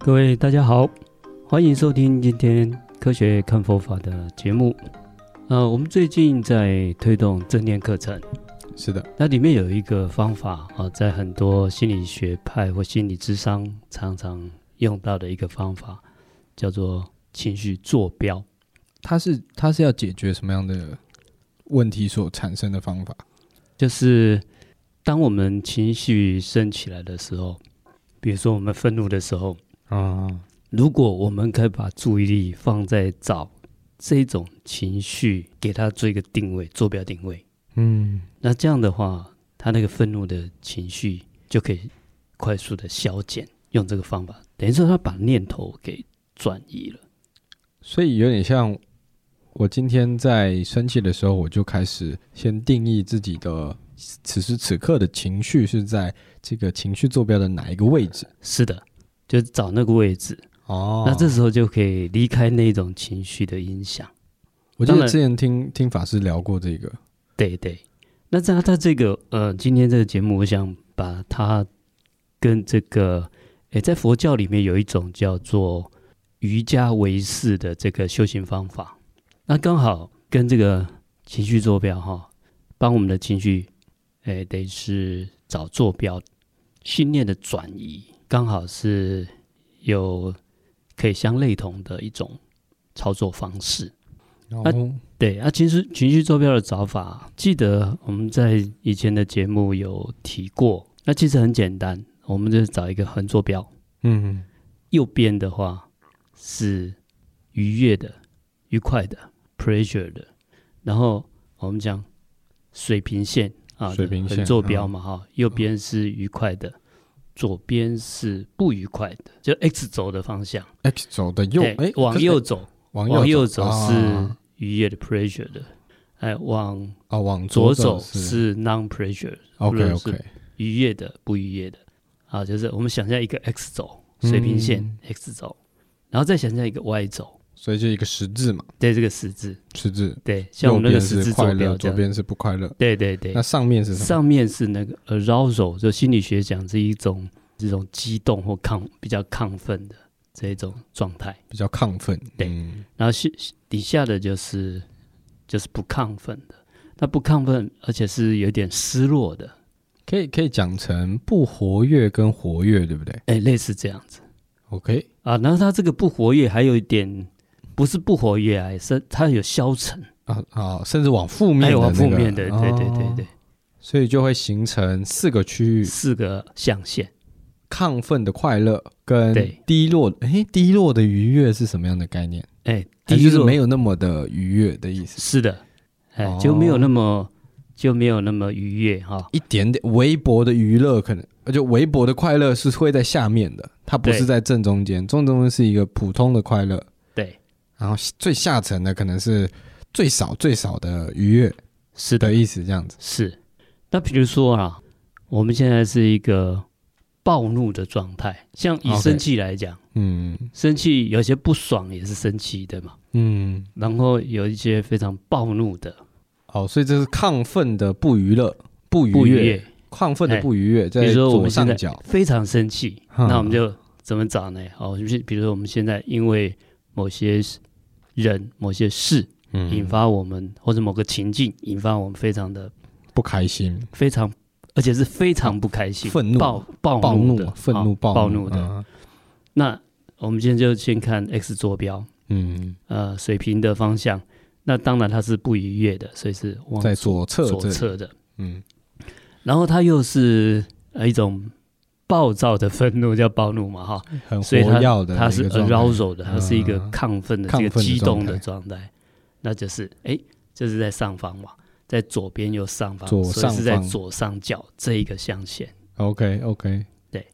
各位大家好，歡迎收聽今天科學看佛法的節目。啊、呃，我們最近在推動正念課程，是的，那裡面有一個方法啊、呃，在很多心理學派或心理諮商，常常用到的一個方法，叫做情緒坐標。它是它是要解決什麼樣的問題所產生的方法？就是當我們情緒升起來的時候，比如說我們憤怒的時候。啊！如果我們可以把注意力放在找這種情緒，給他做一個定位，坐標定位，嗯，那這樣的話，他那個憤怒的情緒就可以快速的消減。用這個方法，等於說他把念頭給轉移了。所以有點像我今天在生氣的時候，我就開始先定義自己的此時此刻的情緒是在這個情緒坐標的哪一個位置？是的。就找那個位置哦，oh. 那這時候就可以離開那種情緒的影響。我記得之前聽聽法師聊過這個，對對、對。那在他這個呃，今天這個節目，我想把它跟這個，誒、欸、在佛教裡面有一種叫做瑜伽唯識的這個修行方法，那剛好跟這個情緒坐標哈，幫我們的情緒，哎、欸，等是找坐標，信念的轉移。剛好是有可以相類同的一種操作方式。那、oh. 啊、對，那其實情緒坐標的找法，記得我們在以前的節目有提過。那其實很簡單，我們就找一個橫坐標。嗯、mm -hmm.，右邊的話是愉悅的、愉快的 （pleasure 的）。然後我們講水平線，水平線啊對，橫坐標嘛，哈、oh.，右邊是愉快的。Oh. 左邊是不愉快的，就 X 軸的方向。X 軸的右，哎、欸欸欸，往右走，往右走啊啊是愉悅的 pleasure 的，哎、欸，往啊，往左走是 non pleasure，或者是愉悅的不愉悅的。啊、okay, okay，就是我們想象一個 X 軸水平線，X 軸、嗯，然後再想象一個 Y 軸。所以就一個十字嘛，對這個十字，十字對，像我們那個十字左邊左邊是不快樂，對對對，那上面是什麼？上面是那個 arousal，就心理學講這一種這種激動或亢比較亢奮的這一種狀態，比較亢奮，嗯，對，然後是底下的就是就是不亢奮的，那不亢奮而且是有點失落的，可以可以講成不活躍跟活躍，對不對？哎，欸，類似這樣子，OK 啊，然後它這個不活躍還有一點。不是不活躍啊，是它有消沉啊啊、哦哦，甚至往負面、那個哎、面的、往負面的，對對對對，所以就會形成四個區域、四個象限：亢奮的快樂跟低落。哎，低落的愉悅是什麼樣的概念？哎，低落是是沒有那麼的愉悅的意思。是的，哎，就沒有那麼、哦、就沒有那麼愉悅哈、哦，一點點微薄的娛樂可能，而就微薄的快樂是會在下面的，它不是在正中間。正中間是一個普通的快樂。然後最下層的可能是最少最少的愉悅，是的意思這樣子是,是。那比如說啊，我們現在是一個暴怒的狀態，像以生氣來講，Okay. 嗯，生氣有些不爽也是生氣，對嗎？嗯。然後有一些非常暴怒的，哦，所以這是亢奮的不愉樂，不愉悅，不愉悅，亢奮的不愉悅，哎、在左上角比如說我們現在非常生氣、嗯，那我們就怎麼轉呢？哦，就是比如說我們現在因為某些。人某些事，嗯，引發我們、嗯、或者某個情境引發我們非常的不開心，非常而且是非常不開心，憤怒暴暴怒憤怒暴怒的、啊。那我們今天就先看 X 坐標，嗯，呃水平的方向，那當然它是不愉悅的，所以是往左，左在左側左側的，嗯，然後它又是呃一種，暴躁的憤怒叫暴怒嘛？哈，所以他要的，他是 arousal 的，他是一個亢奮的、呃、是一個激動的狀態。呃、狀態那就是，哎，這、就是在上方嘛，在左邊右上方，左上，所以是在左上角這一個象限。OK，OK，okay, okay 對，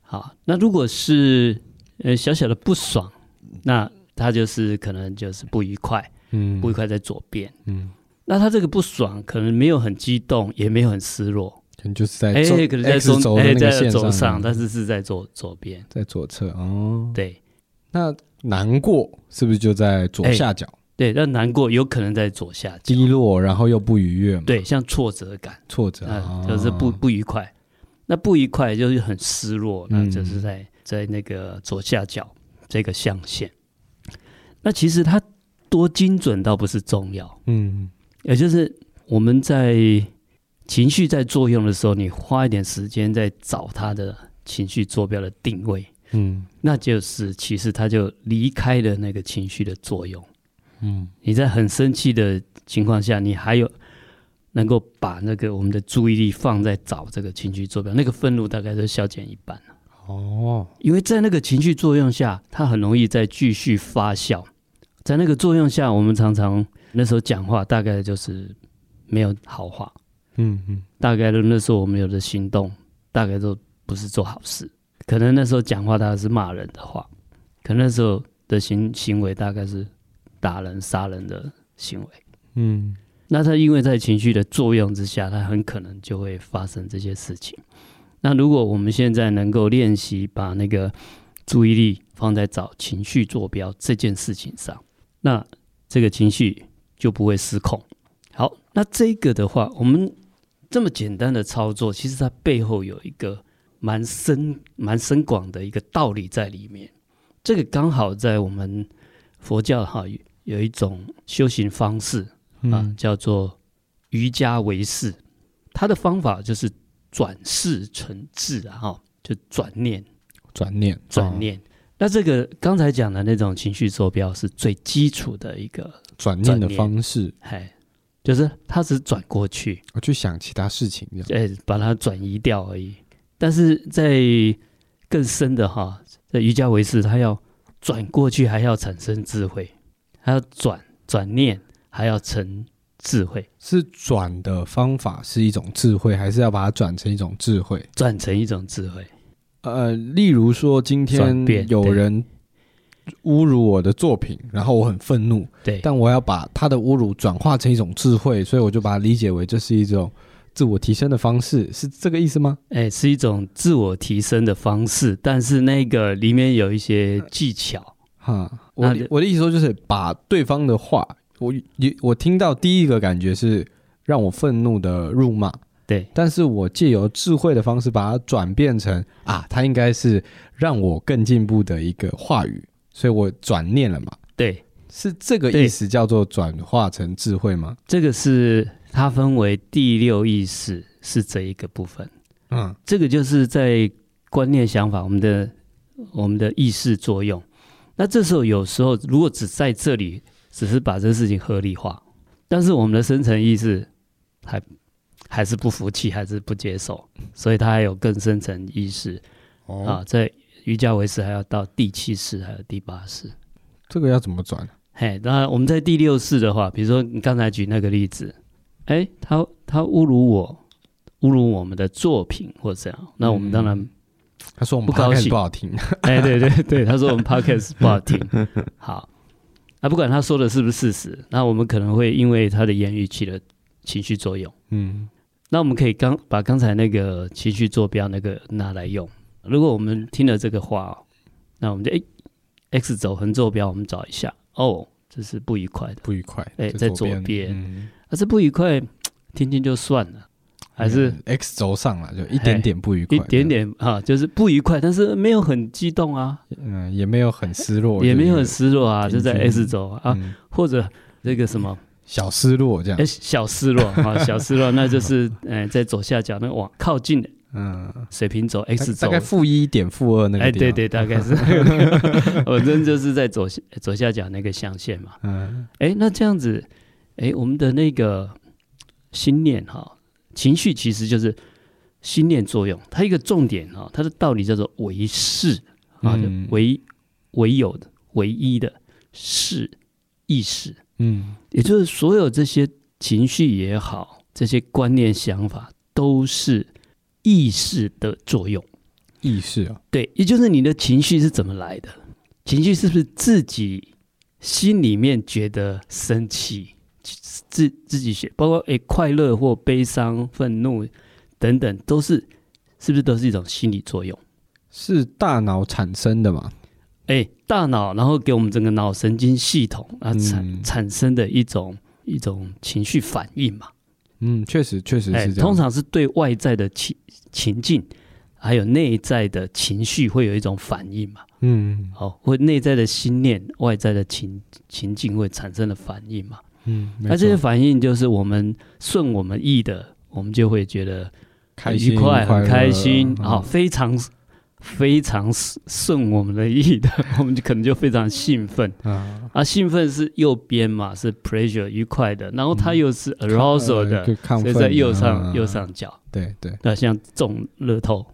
好。那如果是呃小小的不爽，那他就是可能就是不愉快，嗯，不愉快在左邊，嗯，那他這個不爽可能沒有很激動，也沒有很失落。你就是在左，可在中哎，在軸上，但是是在左左邊，在左側哦。對，那難過是不是就在左下角？對，那難過有可能在左下角低落，然後又不愉悅。對，像挫折感，挫折啊，就是不不愉快，啊。那不愉快就是很失落，嗯，那就是在在那個左下角這個象限。那其實它多精準倒不是重要，嗯，也就是我們在情緒在作用的時候，你花一點時間在找他的情緒坐標的定位，嗯，那就是其實他就離開了那個情緒的作用，嗯，你在很生氣的情況下，你還有能夠把那個我們的注意力放在找這個情緒坐標，那個憤怒大概都消減一半了。哦，因為在那個情緒作用下，它很容易再繼續發酵。在那個作用下，我們常常那時候講話大概就是沒有好話。嗯嗯，大概的那時候我們有的行動，大概都不是做好事。可能那時候講話他是罵人的話，可那時候的行行為大概是打人、殺人的行為。嗯，那他因為在情緒的作用之下，他很可能就會發生這些事情。那如果我們現在能夠練習把那個注意力放在找情緒坐標這件事情上，那這個情緒就不會失控。好，那這個的話，我們。這麼簡單的操作，其實它背後有一個蠻深，蠻深廣的一個道理在裡面。這個剛好在我們佛教哈有一種修行方式、嗯、啊，叫做瑜伽唯識。它的方法就是轉識成智啊，就轉念、轉念、啊、轉念。那這個剛才講的那種情緒坐標是最基礎的一個轉念，轉念的方式，嘿就是他只轉過去，我去想其他事情這樣，對、欸，把它轉移掉而已。但是在更深的哈，在瑜伽唯識，他要轉過去，還要產生智慧，他要轉，轉念，還要成智慧。是轉的方法是一種智慧，還是要把它轉成一種智慧？轉成一種智慧。呃，例如說今天有人。侮辱我的作品，然後我很憤怒。對，但我要把他的侮辱轉化成一種智慧，所以我就把它理解為這是一種自我提升的方式，是這個意思嗎？哎、欸，是一種自我提升的方式，但是那個裡面有一些技巧。哈、嗯嗯，我的我的意思說，就是把對方的話，我我聽到第一個感覺是讓我憤怒的辱罵，對，但是我借由智慧的方式把它轉變成啊，他應該是讓我更進步的一個話語。所以我轉念了嘛？對，是這個意思叫做轉化成智慧嗎？這個是它分為第六意識是這一個部分。嗯，這個就是在觀念想法，我們的我們的意識作用。那這時候有時候如果只在這裡，只是把這個事情合理化，但是我們的深層意識還還是不服氣，還是不接受，所以它還有更深層意識、哦、啊，在。瑜伽唯識還要到第七識，還有第八識，這個要怎麼轉？嘿、hey,，那我們在第六識的話，比如說你剛才舉那個例子，哎，他他侮辱我，侮辱我們的作品或者這樣，那我們當然、嗯、他說我們、Podcast、不高興不好聽。哎、 hey,，對對對，他說我們 Podcast 不好聽。好，那不管他說的是不是事實，那我們可能會因為他的言語起了情緒作用。嗯，那我們可以剛把剛才那個情緒坐標那個拿來用。如果我們聽了這個話、哦，那我們就哎，x 軸橫坐標我們找一下，哦，這是不愉快的，不愉快，哎，在左邊、嗯，啊，這不愉快，聽聽就算了，還是 x 軸上了，就一點點不愉快，一點點哈、啊，就是不愉快，但是沒有很激動啊，嗯，也沒有很失落，也，也沒有很失落啊，就，是、就在 x 軸啊、嗯、啊，或者這個什麼小失落這樣，哎，小失落哈，小失落，啊、失落 那就是哎，在左下角那往靠近的。嗯，水平軸、嗯、x 軸大概負一點負二那個，哎、欸，對對，大概是， 我真的就是在左左下,下角那個象限嘛。嗯，哎、欸，那這樣子，哎、欸，我們的那個心念哈、哦，情緒其實就是心念作用，它一個重點哈、哦，它的道理叫做唯識啊、嗯，唯唯有的唯一的“識”意識。嗯，也就是所有這些情緒也好，這些觀念想法都是。意識的作用，意識啊，對，也就是你的情緒是怎麼來的？情緒是不是自己心裡面覺得生氣，自自己寫包括誒快樂或悲傷、憤怒等等，都是是不是都是一種心理作用？是大腦產生的嘛？誒，大腦然後給我們整個腦神經系統啊產、嗯、產生的一種一種情緒反應嘛？嗯，確實，確實是這樣、欸。通常是對外在的情情境，還有內在的情緒會有一種反應嘛。嗯，好、哦，或內在的心念，外在的情情境，會產生的反應嘛。嗯，那、啊、這些反應就是我們順我們意的，我們就會覺得開心、欸、愉快，愉快，很開心好、嗯哦，非常。非常順我們的意的，我們就可能就非常興奮 啊！啊，興奮是右邊嘛，是 pleasure 愉快的，然後它又是 arousal 的，嗯、呃，所以在右上、啊、右上角。對對，那像中樂透，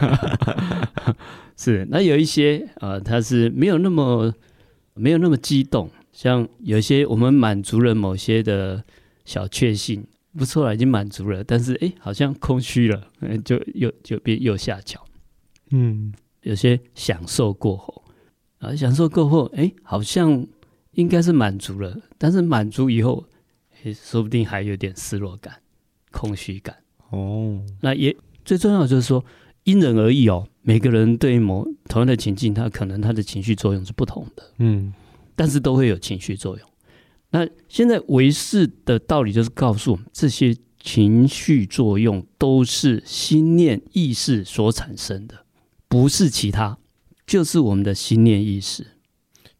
是那有一些啊，它，呃、是沒有那麼沒有那麼激動，像有一些我們滿足了某些的小確幸，不錯了，已經滿足了，但是哎，好像空虛了，就右就變右下角。嗯，有些享受過後，啊，享受過後，哎、欸，好像應該是滿足了，但是滿足以後，欸，說不定還有點失落感、空虛感。哦，那也最重要就是說，因人而異哦，每個人對某同樣的情境，他可能他的情緒作用是不同的。嗯，但是都會有情緒作用。那現在唯識的道理就是告訴我們，這些情緒作用都是心念意識所產生的。不是其他，就是我們的心念意識。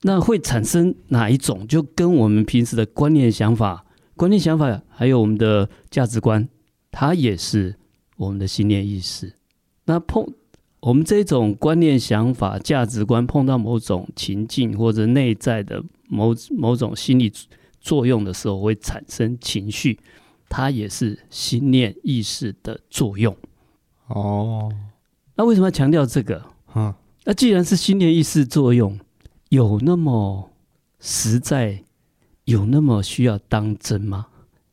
那會產生哪一種？就跟我們平時的觀念、想法、觀念、想法，還有我們的價值觀，它也是我們的心念意識。那碰我們這種觀念、想法、價值觀碰到某種情境或者內在的某某種心理作用的時候，會產生情緒，它也是心念意識的作用。哦。那為什麼要強調這個？啊，那既然是心念意識作用，有那麼實在，有那麼需要當真嗎？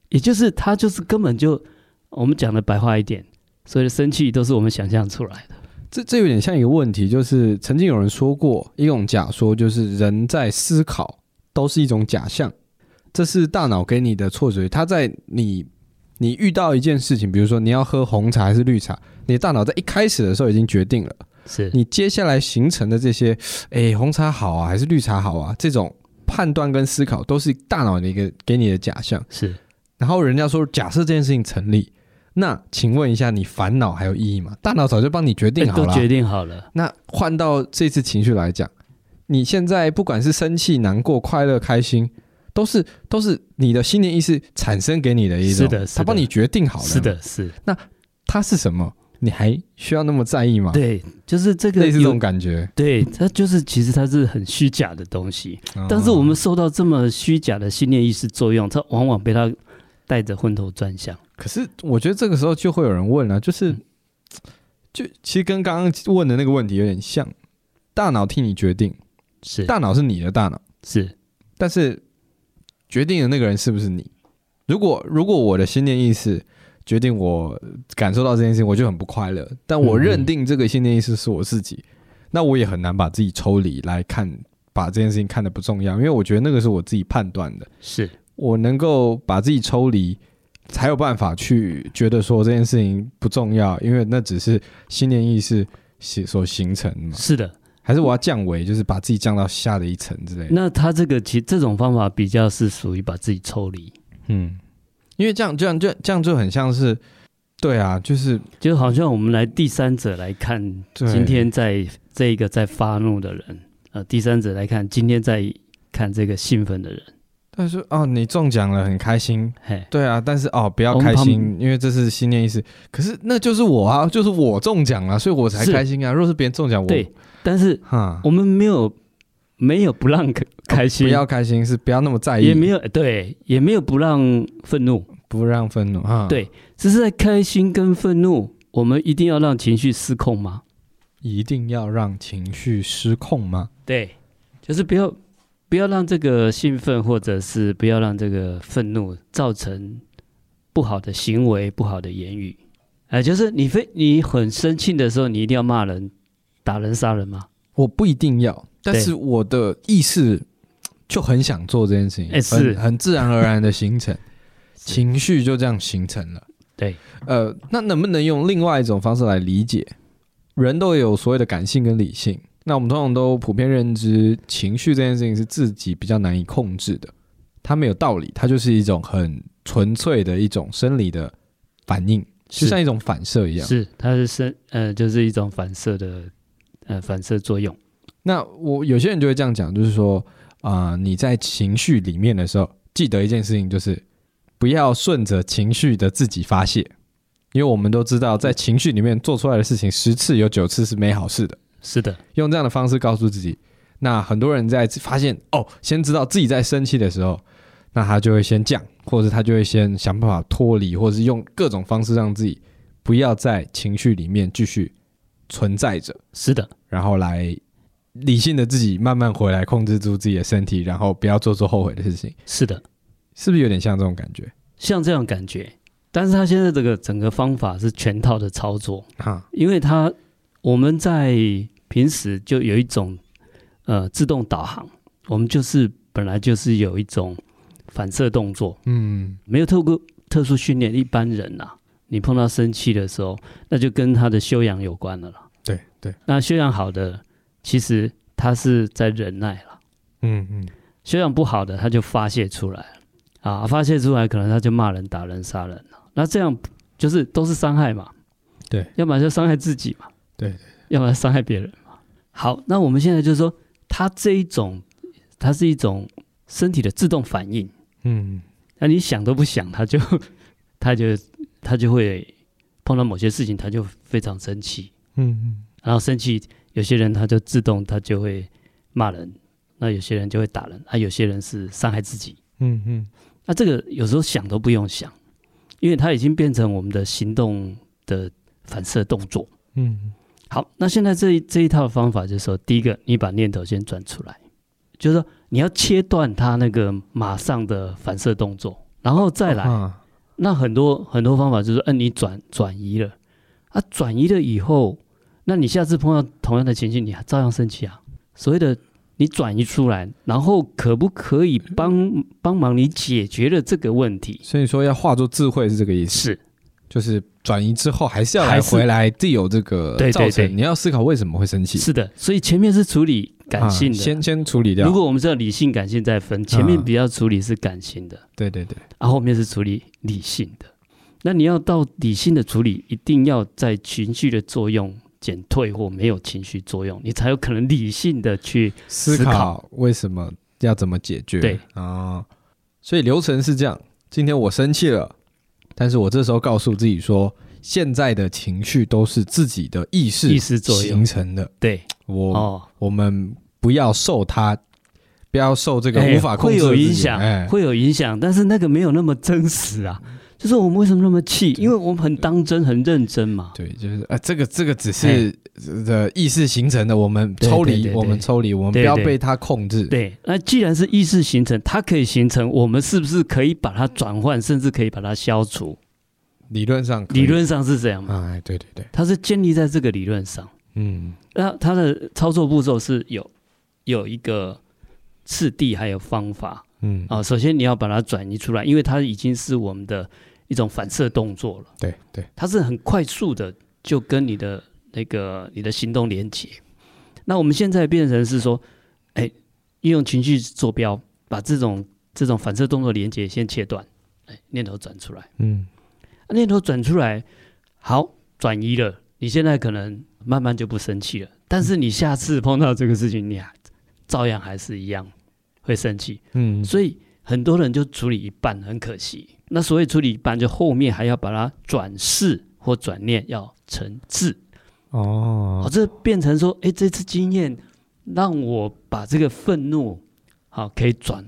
也就是他就是根本就我們講的白話一點，所有的生氣都是我們想象出來的。這這有點像一個問題，就是曾經有人說過一種假說，就是人在思考都是一種假象，這是大腦給你的錯覺，他在你。你遇到一件事情，比如說你要喝紅茶還是綠茶，你的大腦在一開始的時候已經決定了。是你接下來形成的這些，哎，紅茶好啊，還是綠茶好啊？這種判斷跟思考都是大腦的一個給你的假象。是。然後人家說，假設這件事情成立，那請問一下，你煩惱還有意義嗎？大腦早就幫你決定好了，都決定好了。那換到這次情緒來講，你現在不管是生氣、難過、快樂、開心。都是都是你的信念意識產生給你的，一種是的，是的，他幫你決定好了，是的，是。那它是什麼？你還需要那麼在意嗎？對，就是這個，類似這種感覺。對，它就是其實它是很虛假的東西，嗯，但是我們受到這麼虛假的信念意識作用，它往往被它帶着昏頭轉向。可是我覺得這個時候就會有人問了，啊，就是，嗯，就其實跟剛剛問的那個問題有點像，大腦替你決定，是，大腦是你的大腦，是，但是。決定的那個人是不是你？如果如果我的心念意識決定我感受到這件事情，我就很不快樂。但我認定這個心念意識是我自己，嗯嗯，那我也很難把自己抽離來看，把這件事情看得不重要，因為我覺得那個是我自己判斷的。是我能夠把自己抽離，才有辦法去覺得說，這件事情不重要，因為那只是心念意識形所形成的嘛。是的。還是我要降維，就是把自己降到下的一層之類的。那他這個其實這種方法比較是屬於把自己抽離，嗯，因為這樣這樣就這樣就很像是，對啊，就是就好像我們來第三者來看今天在這一個在發怒的人，呃，第三者來看今天在看這個興奮的人。但是哦，你中獎了，很開心，嘿，對啊。但是哦，不要開心，嗯、因為這是信念意識、嗯。可是那就是我啊，就是我中獎了，啊，所以我才開心啊。是若是別人中獎，我。但是，哈，我們沒有沒有不讓開心，哦，不要開心是不要那麼在意，也沒有對，也沒有不讓憤怒，不讓憤怒啊，對，只是在開心跟憤怒，我們一定要讓情緒失控嗎？一定要讓情緒失控嗎？對，就是不要不要讓這個興奮，或者是不要讓這個憤怒造成不好的行為、不好的言語。哎、呃，就是你非你很生氣的時候，你一定要罵人，打人、殺人嗎？我不一定要，但是我的意識就很想做這件事情，欸、是很很自然而然的形成 情緒，就這樣形成了。對，呃，那能不能用另外一種方式來理解？人都有所謂的感性跟理性，那我們通常都普遍認知，情緒這件事情是自己比較難以控制的，它沒有道理，它就是一種很純粹的一種生理的反應，就像一種反射一樣。是，是它是生，呃，就是一種反射的。呃，反射作用。那我有些人就會這樣講，就是說啊，呃，你在情緒裡面的時候，記得一件事情，就是不要順着情緒的自己發洩，因為我們都知道，在情緒裡面做出來的事情，十次有九次是沒好事的。是的，用這樣的方式告訴自己。那很多人在發現哦，先知道自己在生氣的時候，那他就會先降，或者他就會先想辦法脫離，或者是用各種方式讓自己不要在情緒裡面繼續存在着，是的，然後來理性的自己慢慢回來，控制住自己的身體，然後不要做出後悔的事情，是的，是不是有點像這種感覺？像這種感覺，但是他現在這個整個方法是全套的操作，哈、啊，因為他我們在平時就有一種呃自動導航，我們就是本來就是有一種反射動作，嗯，沒有透過特殊訓練，一般人吶、啊。你碰到生氣的時候，那就跟他的修養有關了啦。對對，那修養好的，其實他是在忍耐了。嗯嗯，修養不好的，他就發洩出來了。啊，發洩出來，可能他就罵人、打人、殺人了。那這樣就是都是傷害嘛。對，要不然就傷害自己嘛。對，要不然傷害別人嘛。好，那我們現在就是說，他這一種，他是一種身體的自動反應。嗯，那，啊，你想都不想，他就他就。他就會碰到某些事情，他就非常生氣，嗯嗯，然後生氣，有些人他就自動他就會罵人，那有些人就會打人，啊，有些人是傷害自己，嗯嗯，那這個有時候想都不用想，因為他已經變成我們的行動的反射動作，嗯，好，那現在這這一套的方法就是說，第一個你把念頭先轉出來，就是說你要切斷他那個馬上的反射動作，然後再來。哦那很多很多方法就是，嗯、呃，你轉轉移了，啊，轉移了以後，那你下次碰到同樣的情形，你還照樣生氣啊？所謂的你轉移出來，然後可不可以幫幫忙你解決了這個問題？所以說要化作智慧是這個意思，是，就是轉移之後還是要還回來自有這個對造成，對對對，你要思考為什麼會生氣？是的，所以前面是處理感性的，啊、先先處理掉。如果我們是要理性感性再分，前面比較處理是感性的，啊、對對對，然、啊、後後面是處理。理性的，那你要到理性的處理，一定要在情緒的作用減退或沒有情緒作用，你才有可能理性的去思考，思考為什麼要怎麼解決。對啊，所以流程是這樣：今天我生氣了，但是我這時候告訴自己說，現在的情緒都是自己的意識意識形成的。對，我、哦、我們不要受它。不要受這個無法控制，會有影響，會有影響、欸，但是那個沒有那麼真實啊。就是我們為什麼那麼氣？對對對對，因為我們很當真，很認真嘛。對，就是啊、呃，這個這個只是的、欸這個、意識形成的。我們抽離，我們抽離，我們不要被它控制對對對。對，那既然是意識形成，它可以形成，我們是不是可以把它轉換，甚至可以把它消除？理論上，理論上是這樣嘛？哎、嗯，對對對，它是建立在這個理論上。嗯，那它，它的操作步驟是有有一個。次第還有方法，嗯啊，首先你要把它轉移出來，因為它已經是我們的一種反射動作了。對對，它是很快速的就跟你的那個你的行動連接。那我們現在變成是說，哎、欸，運用情緒坐標，把這種這種反射動作連接先切斷，哎、欸，念頭轉出來，嗯，啊、念頭轉出來，好，轉移了。你現在可能慢慢就不生氣了，但是你下次碰到這個事情，嗯、你還。照樣還是一樣會生氣，嗯，所以很多人就處理一半，很可惜。那所謂處理一半，就後面還要把它轉識或轉念，要成智哦。好，這變成說，哎、欸，這次經驗讓我把這個憤怒，好，可以轉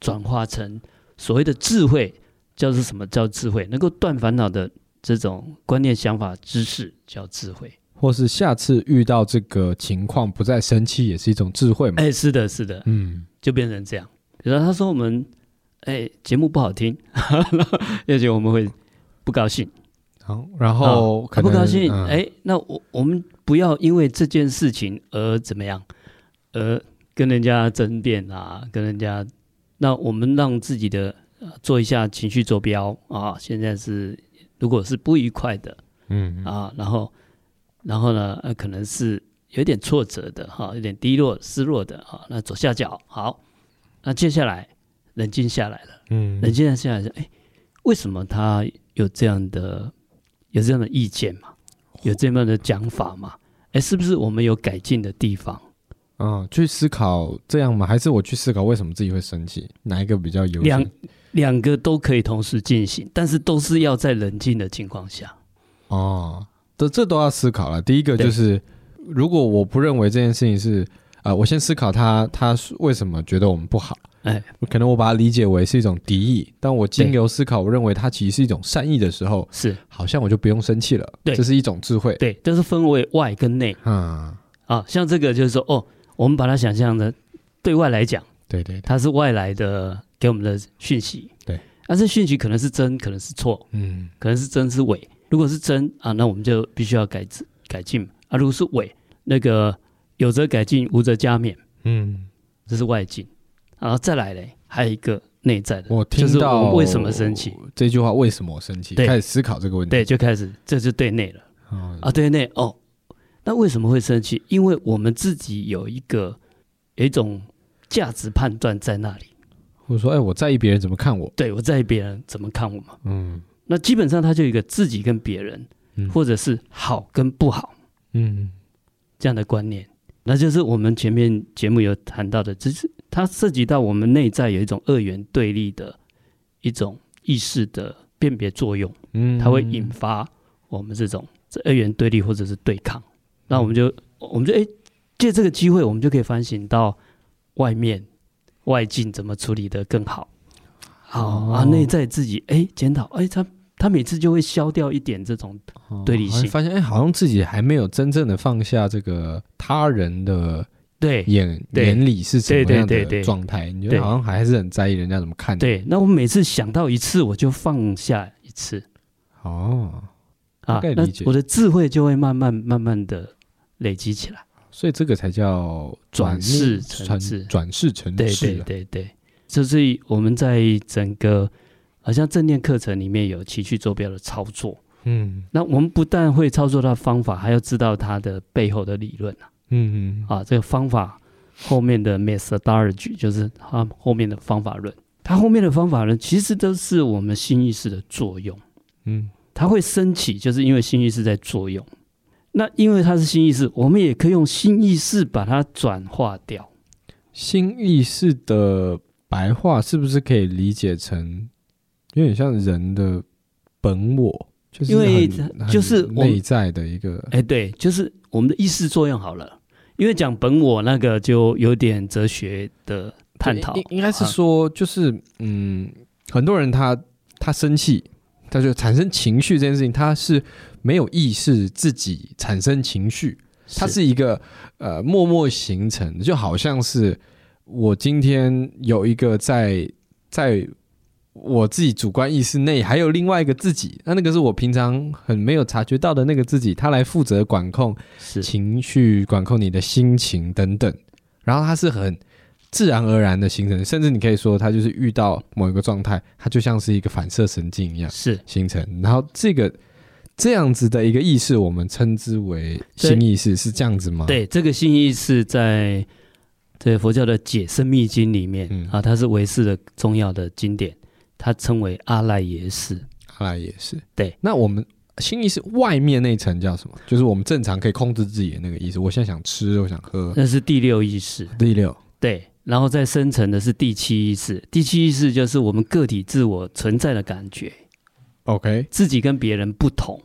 轉化成所謂的智慧，叫做什麼叫智慧？能夠斷煩惱的這種觀念、想法、知識叫智慧。或是下次遇到這個情況不再生氣也是一種智慧嘛。哎、欸，是的，是的，嗯，就變成這樣。比如他說我們哎、欸、節目不好聽，而且我們會不高興。好，然後、啊、不高興哎、啊欸，那我我們不要因為這件事情而怎麼樣，而跟人家爭辯啊，跟人家那我們讓自己的、啊、做一下情緒坐標啊。現在是如果是不愉快的，嗯，嗯啊，然後。然後呢，呃，可能是有點挫折的哈，有點低落、失落的哈。那左下角好，那接下來冷靜下來了，嗯，冷靜下來說，哎，為什麼他有這樣的、有這樣的意見嘛？有這樣的講法嘛？哎，是不是我們有改進的地方？哦，去思考這樣嘛，還是我去思考為什麼自己會生氣？哪一個比較優？兩兩個都可以同時進行，但是都是要在冷靜的情況下哦。這這都要思考了。第一個就是，如果我不認為這件事情是啊、呃，我先思考他他為什麼覺得我們不好，哎，可能我把它理解為是一種敵意。當我經由思考，我認為它其實是一種善意的時候，是好像我就不用生氣了。這是一種智慧。對，但、就是分為外跟內。嗯，啊，像這個就是說，哦，我們把它想象的對外來講，對，對對，它是外來的給我們的訊息。對，但、啊、是訊息可能是真，可能是錯，嗯，可能是真，是偽。如果是真啊，那我們就必須要改改改進啊！如果是偽，那個有則改進，無則加勉。嗯，這是外境，然後、啊、再來嘞，還有一個內在的。我聽到我、就是、我為什麼生氣這句話？為什麼我生氣？開始思考這個問題。對，就開始，這是對內了、哦、啊，對內哦。那為什麼會生氣？因為我們自己有一個有一種價值判斷在那裡。我說：哎、欸，我在意別人怎麼看我。對，我在意別人怎麼看我嘛。嗯。那基本上它就有一個自己跟別人，或者是好跟不好，嗯，這樣的觀念，那就是我們前面節目有談到的，只是它涉及到我們內在有一種二元對立的一種意識的辨別作用，嗯，它會引發我們這種這二元對立或者是對抗，那我們就我們就哎借、欸、這個機會，我們就可以反省到外面外境怎麼處理得更好，好、哦、啊，內在自己哎檢討哎他。他每次就會消掉一點這種對立性，啊、發現哎、欸，好像自己還沒有真正的放下這個他人的眼對眼眼裡是什麼樣的狀態，你就好像還是很在意人家怎麼看的？對，那我每次想到一次，我就放下一次。哦，大概理解、啊、那我的智慧就會慢慢慢慢的累積起來。所以這個才叫轉識成智。轉識成智，對對對對，對對對就是我們在整個。好像正念課程裡面有情緒座標的操作，嗯，那我們不但會操作它的方法，還要知道它的背後的理論啊，嗯嗯，啊，這個方法後面的 methodology 就是它後面的方法論，它後面的方法論其實都是我們心意識的作用，嗯，它會升起，就是因為心意識在作用，那因為它是心意識，我們也可以用心意識把它轉化掉。心意識的白話是不是可以理解成？有點像人的本我，就是因為就是我內在的一個。哎、欸，對，就是我們的意識作用好了。因為講本我那個就有點哲學的探討。應該是說，就是、啊、嗯，很多人他他生氣，他就產生情緒這件事情，他是沒有意識自己產生情緒，是他是一個呃默默形成的，就好像是我今天有一個在在。我自己主觀意識內還有另外一個自己，那那個是我平常很沒有察覺到的那個自己，他來負責管控情緒、管控你的心情等等。然後他是很自然而然的形成，甚至你可以說他就是遇到某一個狀態，他就像是一個反射神經一樣，是形成。然後這個這樣子的一個意識，我們稱之為心意識，是這樣子嗎？對，這個心意識在在佛教的《解深密經》裡面、嗯、啊，它是唯識的重要的經典。他稱為阿賴耶識，阿賴耶識。對，那我們心意識外面那層叫什麼？就是我們正常可以控制自己的那個意識。我現在想吃，我想喝，那是第六意識。第六，對。然後再生成的是第七意識。第七意識就是我們個體自我存在的感覺。OK，自己跟別人不同，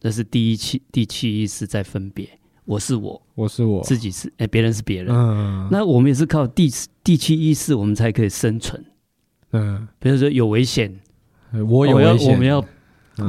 那是第一七第七意識在分別。我是我，我是我，自己是，哎、欸，別人是別人。嗯。那我們也是靠第第七意識，我們才可以生存。嗯，比如說有危險，我有危險、哦，我們要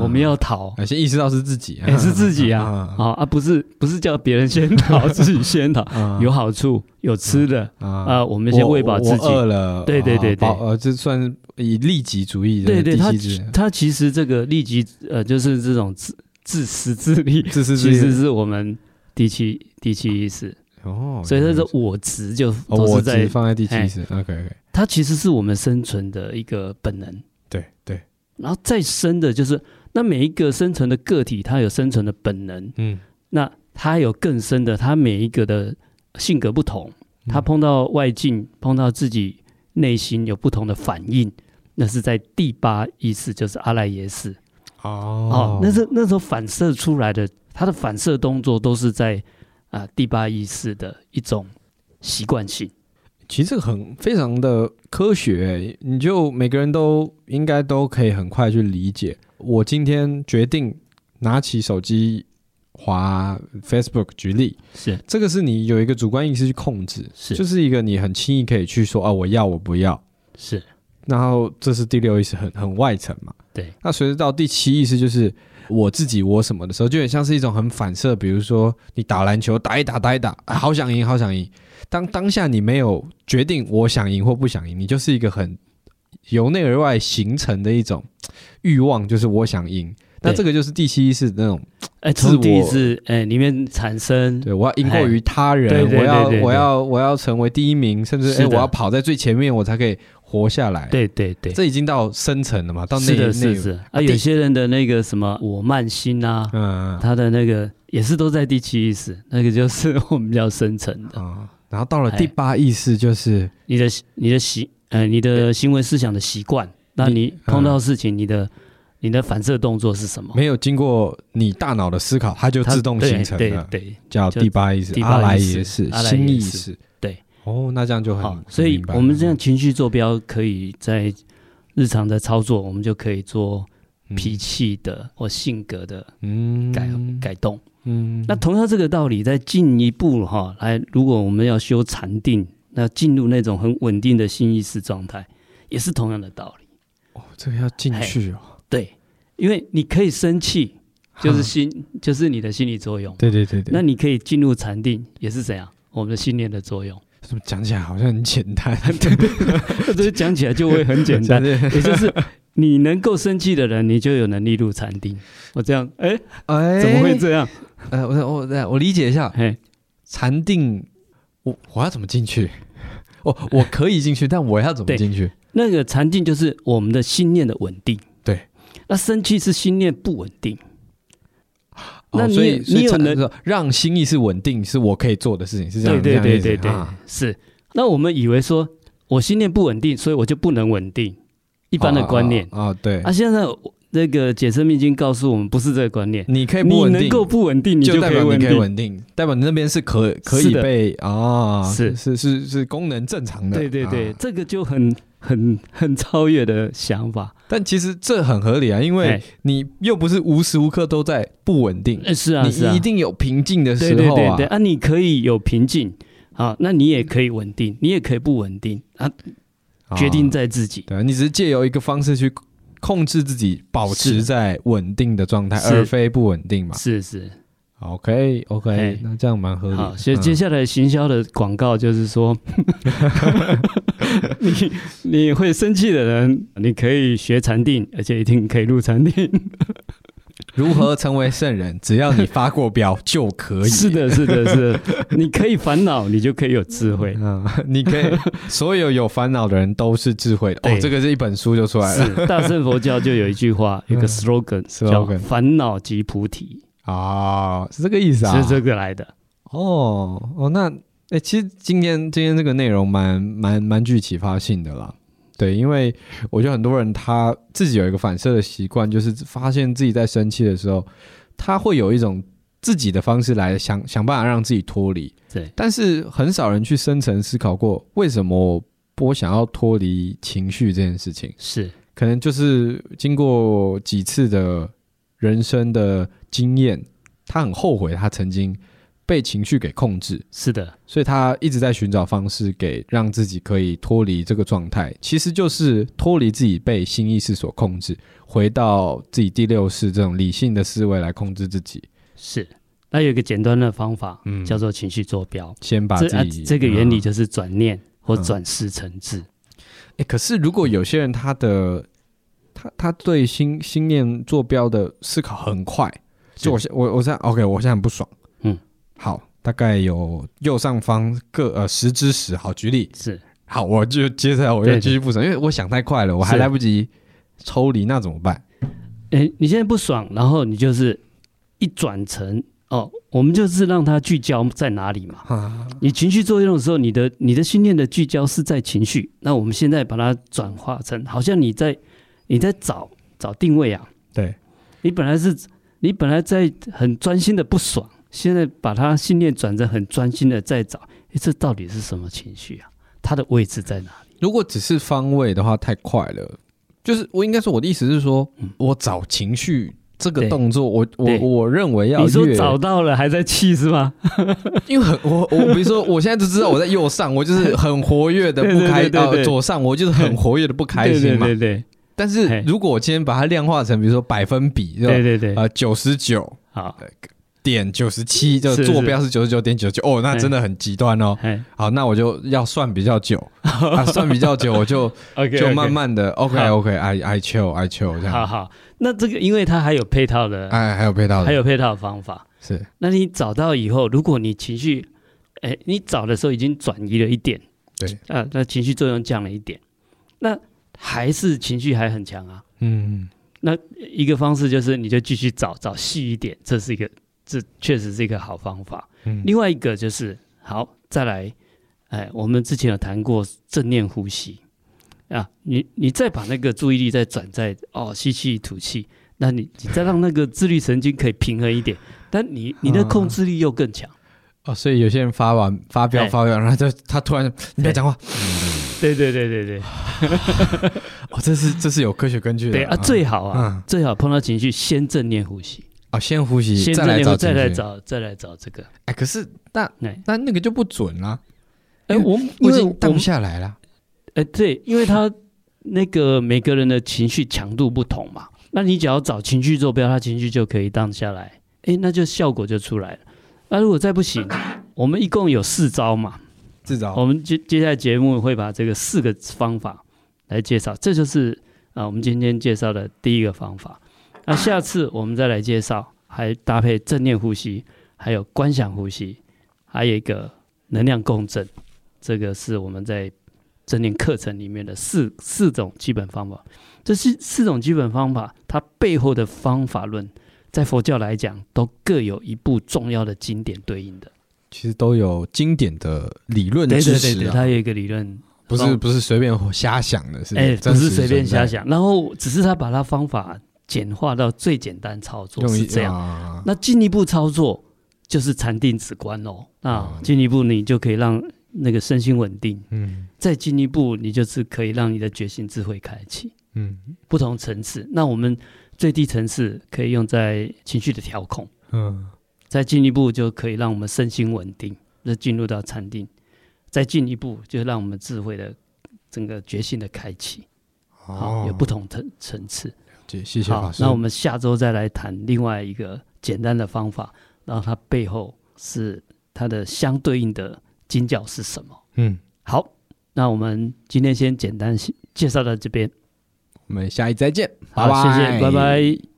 我們要逃、嗯，先意識到是自己，也、嗯欸、是自己啊，嗯嗯哦、啊，不是不是叫別人先逃， 自己先逃、嗯，有好處，有吃的、嗯嗯、啊，我、嗯、們、嗯嗯嗯嗯、先餵飽自己，餓了，對對對對，這、呃、算以利己主義的對對對，對對，他他其實這個利己呃，就是這種自自私自利，自私自利，其實是我們第七 第七意識哦，所以他說我執就我執、哦就是哦、在我執放在第七意識，OK, okay.。它其實是我們生存的一個本能，對對。然後再深的就是，那每一個生存的個體，它有生存的本能，嗯。那它有更深的，它每一個的性格不同，它碰到外境，嗯、碰到自己內心有不同的反應。那是在第八意識，就是阿賴耶識。哦。哦，那是那時候反射出來的，它的反射動作都是在啊、呃、第八意識的一種習慣性。其實這個很非常的科學欸，你就每個人都應該都可以很快去理解。我今天決定拿起手機滑 Facebook，舉例是這個是你有一個主觀意識去控制，是就是一個你很輕易可以去說，啊我要我不要是，然後這是第六意識很很外層嘛，對。那隨着到第七意識就是我自己我什麼的時候，就很像是一種很反射，比如說你打籃球打一打打一打，啊、好想贏好想贏。當當下你沒有決定我想贏或不想贏，你就是一個很由內而外形成的一種欲望，就是我想贏。那這個就是第七意識的那種哎，自、欸、意識哎、欸、裡面產生，對我要贏過於他人，欸、對對對對對我要我要我要成為第一名，甚至哎、欸、我要跑在最前面，我才可以活下來。對對對，這已經到深層了嘛？到那是的是的是的啊，有些人的那個什麼我慢心啊，嗯啊，他的那個也是都在第七意識，那個就是我們要深層的啊。然後到了第八意識，就是你的你的習呃你的行為思想的習慣。那你碰到事情，嗯、你的你的反射動作是什麼？沒有經過你大腦的思考，它就自動形成了，對，對，對，叫第八意識，阿賴耶識，心、啊啊、意識、啊。對，哦，那這樣就很好很，所以我們這樣情緒坐標可以在日常的操作，嗯、我們就可以做脾氣的或性格的改嗯改改動。嗯，那同樣這個道理，再進一步哈、哦，來，如果我們要修禪定，那進入那種很穩定的心意識狀態，也是同樣的道理。哦，這個要進去哦。Hey, 對，因為你可以生氣，就是心，就是你的心理作用。對對對，對那你可以進入禪定，也是怎樣，我們的信念的作用。怎麼講起來好像很簡單？這 講 起來就會很簡單， 也就是你能夠生氣的人，你就有能力入禪定。我這樣，哎、欸、哎、欸，怎麼會這樣？呃、我我我理解一下，禪定，我我要怎麼進去？哦， 我可以進去，但我要怎麼進去？那個禪定就是我們的心念的穩定，對。那生氣是心念不穩定，哦、那你、哦、你有那個讓心意是穩定，是我可以做的事情，是這樣對對對對對，對、啊，是。那我們以為說我心念不穩定，所以我就不能穩定一般的觀念啊、哦哦哦，對。啊，現在。那、這個解深密經告訴我們，不是這個觀念。你可以不穩，你能夠不穩定，定，就代表你可以穩定，代表你那邊是可可以被啊，是、哦、是是是，是功能正常的。對對對，啊、這個就很很很超越的想法。但其實這很合理啊，因為你又不是無時無刻都在不穩定、欸。是啊，你一定有平靜的時候啊。啊，對對對對啊，你可以有平靜啊，那你也可以穩定，你也可以不穩定啊，啊，決定在自己。對，你只是借由一個方式去。控制自己，保持在穩定的狀態，而非不穩定嘛？是是，是，OK OK，、hey、那這樣蠻合理的，好，所以接下來行銷的廣告就是說， 你你會生氣的人，你可以學禪定，而且一定可以入禪定。 如何成為聖人？只要你發過飆就可以 是。是的，是的，是。你可以煩惱，你就可以有智慧。嗯，你可以，所有有煩惱的人都是智慧的。哦，這個是一本書就出來了。是大聖佛教就有一句話，有一個 slogan，slogan，煩、嗯、惱即菩提哦、啊，是這個意思啊，是這個來的。哦，哦，那，哎、欸，其實今天今天這個內容蠻蠻蠻具啟發性的啦。對，因為我覺得很多人他自己有一個反射的習慣，就是發現自己在生氣的時候，他會有一種自己的方式來想想辦法讓自己脫離。對，但是很少人去深層思考過為什麼我想要脫離情緒這件事情。是，可能就是經過幾次的人生的經驗，他很後悔他曾經，被情緒給控制。是的，所以他一直在尋找方式，給讓自己可以脫離這個狀態，其實就是脫離自己被心意識所控制，回到自己第六識這種理性的思維來控制自己。是，那有一個簡單的方法，嗯，叫做情緒坐標。先把自己，這、啊這個原理就是轉念、嗯、或轉識成智、嗯，欸。可是如果有些人他的、嗯、他他對心心念坐標的思考很快，就我現我我現在 OK，我現在很不爽。好，大概有右上方各呃十之十。好，舉例是好，我就接下來我要繼續不爽，因為我想太快了，我還來不及抽離，那怎麼辦？哎、欸，你現在不爽，然後你就是一轉成哦，我們就是讓它聚焦在哪裡嘛？啊、你情緒作用的時候，你的你的信念的聚焦是在情緒，那我們現在把它轉化成，好像你在你在找找定位啊？對，你本來是你本來在很專心的不爽。現在把他信念轉成很專心的在找，哎，這到底是什麼情緒啊？他的位置在哪裡？如果只是方位的話，太快了。就是我應該說我的意思是說，嗯、我找情緒這個動作，我我我，我認為要。你說找到了還在氣是嗎？ 因為很我我比如說我現在只知道我在右上，我就是很活躍的不開心、 啊、左上我就是很活躍的不開心嘛。對對、對、對對。但是，如果我今天把它量化成比如說百分比，對對對啊，九十九。好。點九十七，就坐標是九十九點九九，哦，那真的很極端哦。好，那我就要算比較久啊， 算比較久，我就 okay, 就慢慢的。OK，OK，okay, okay, I chill, I chill 這樣。好好，那這個因為它還有配套的，哎，還有配套的，還有配套的方法是。那你找到以後，如果你情緒，哎，你找的時候已經轉移了一點，對，啊，那情緒作用降了一點，那還是情緒還很強啊。嗯，那一個方式就是你就繼續找找細一點，這是一個。這確實是一個好方法、嗯。另外一個就是，好，再來，哎，我們之前有談過正念呼吸啊，你你再把那個注意力再轉在哦，吸氣吐氣，那你你再讓那個自律神經可以平衡一點，但你你的控制力又更強、嗯、哦，所以有些人發完發飆、哎、發飆，然後他他突然，你別講話，對對對對對，對， 哦，這是這是有科學根據的、啊，對啊，最好啊、嗯，最好碰到情緒先正念呼吸。哦，先呼吸，再來找，再來找，再來找這個。哎、欸，可是那那那個就不準了、啊。哎、欸，我我已經蕩不下來了。哎、欸，對，因為他那個每個人的情緒強度不同嘛。 那你只要找情緒座標，他情緒就可以蕩下來。哎、欸，那就效果就出來了。那、啊、如果再不行， 我們一共有四招嘛，四招。我們接接下來節目會把這個四個方法來介紹。這就是啊，我們今天介紹的第一個方法。那下次我們再來介紹，還搭配正念呼吸，還有觀想呼吸，還有一個能量共振。這個是我們在正念課程裡面的四四種基本方法。這四四種基本方法，它背後的方法論，在佛教來講，都各有一部重要的經典對應的。其實都有經典的理論知識、啊。對對對對，它有一個理論，不是不是隨便瞎想的，是，是？哎，不是隨便瞎想，然後只是他把它方法。簡化到最簡單操作是這樣，啊、那進一步操作就是禪定止觀哦。啊，進一步你就可以讓那個身心穩定。嗯，再進一步你就是可以讓你的覺醒智慧開啟。嗯，不同層次。那我們最低層次可以用在情緒的調控。嗯，再進一步就可以讓我們身心穩定，那進入到禪定。再進一步就讓我們智慧的整個覺醒的開啟。哦、嗯，有不同層層次。謝謝法師。那我們下周再來談另外一個簡單的方法，然後它背後是它的相對應的經教是什麼？嗯，好，那我們今天先簡單介紹到這邊，我們下一次再見，好，拜拜，謝謝，拜拜。